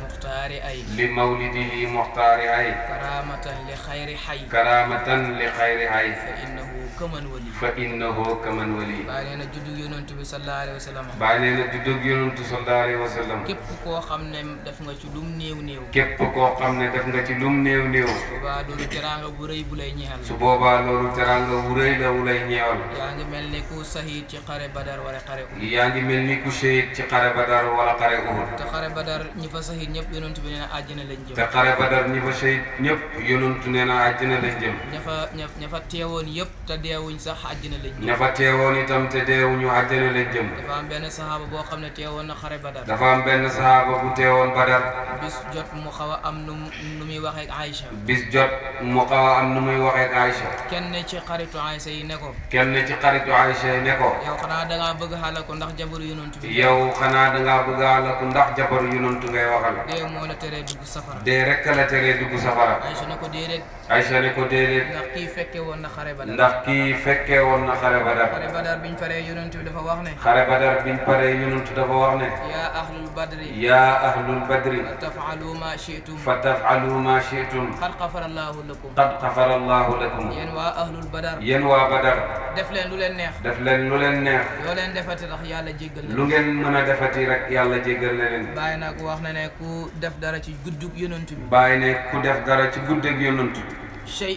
المختار أي لمولده مختار أي كرامة لخير حي كرامة لخير حي فإنه كمن ولي فإنه كمن ولي بانينا جدو يونت بي صلى الله عليه وسلم بانينا جدو يونت صلى الله عليه وسلم كيب كو خامني داف nga ci lum neew neew كيب كو خامني داف nga ci lum neew neew ba do teranga bu reey bu lay ñeewal su boba lolu teranga bu reey la wu lay ñeewal yaangi melni ku sahid ci xare badar wala xare uhud yaangi melni ku shahid ci xare badar wala xare uhud te xare badar ñi fa sahid ñépp yonentu bi nee na àjjana lañ jëm te xare badar ñi fa shahid na àjjana lañ ña fa ña fa teewoon yëpp te deewuñ sax àjjana lañ jëm ña fa teewoon itam te deewuñu àjjana lañ jëm dafa am benn sahaaba boo xam ne teewoon na xare badar dafa am benn sahaaba bu teewoon badar bis jot mu xaw a am nu nu muy waxee ak Aïcha bis jot mu xaw a am nu muy waxee ak Aïcha kenn ci xaritu Aïcha yi ne ko kenn ci xaritu Aïcha yi ne ko yow xanaa dangaa bëgg xaala ko ndax jabaru yonentu bi yow xanaa dangaa ndax jabaru yonentu ngay tàggal. dee moo la teree dugg safara. dee rek la teree dugg safara. Aysa ne ko déedéet. Aysa ne ko déedéet. ndax kii fekke woon na xare Badar. ndax kii fekke woon na xare Badar. xare Badar biñ paree yonent bi dafa wax ne. xare Badar biñ paree yonent dafa wax ne. yaa ahlul badri. yaa ahlul badri. fa taf'alu ma shi'tum. fa taf'alu ma shi'tum. qad ghafara Allahu lakum. qad ghafara Allahu lakum. yéen waa ahlul Badar. yéen waa Badar. def leen lu leen neex. def leen lu leen neex. loo leen defati rek yàlla jéggal lu ngeen mën a defati rek yàlla jéggal na leen. bàyyi nag wax na ne ku def dara ci guddug yonent bi. bàyyi ne ku def dara ci guddug yonent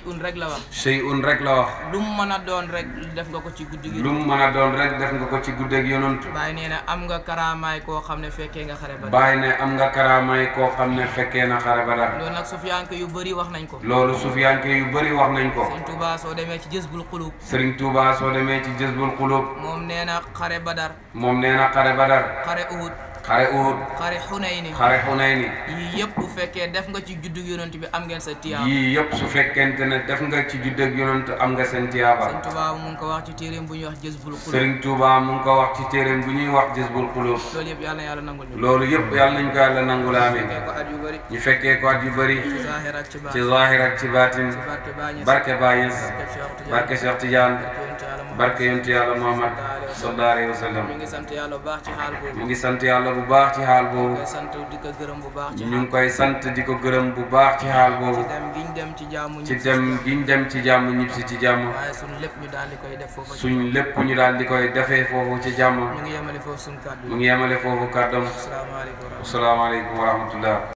un rek la wax. shay'un rek la wax. lu mu mën a doon rek def nga ko ci guddi gi. lu mu mën a doon rek def nga ko ci guddi ak yonantu. bàyyi nee na am nga karaamaay koo xam ne fekkee nga xare badar. bàyyi ne am nga karaamaay koo xam ne fekkee na xare badar. loolu nag sufiyanke yu bëri wax nañ ko. loolu sufiyanke yu bëri wax nañ ko. Serigne Touba soo demee ci Jazbul Qulub. Serigne Touba soo demee ci Jazbul Qulub. moom nee na xare badar. moom nee na xare badar. xare Uhud. xare Uhud xare Xunayni xare Xunayni yii yëpp bu fekkee def nga ci juddug yonent bi am ngeen sa tiyaaba yii yëpp su fekkente ne def nga ci juddug yonent am nga seen tiyaaba Sëriñ ko wax ci téeréem bu ñuy wax Jazbul Quluub Sëriñ Tuubaa mu ngi ko wax ci téeréem bu ñuy wax Jazbul Quluub loolu yëpp yàlla na yàlla nangul loolu yëpp yàlla nañ ko yàlla nangul amiin ñu fekkee ko at yu bëri ci zaahir ak ci baatin barke Baayes barke Cheikh Tidiane barke yonent yàlla Muhammad sallallahu alayhi wa sallam mu ngi sant yàlla bu baax ci xaal boobu. ñu ngi koy sant di ko gërëm bu baax ci xaal boobu. ci dem gi ñu dem ci jàmm ci dem gi dem ci jàmm ñib si ci jàmm. suñ lépp ñu daal di koy def foofu. suñ lépp ñu daal di koy defee foofu ci jàmm. mu ngi yemale foofu suñ kàddu mu ngi yemale foofu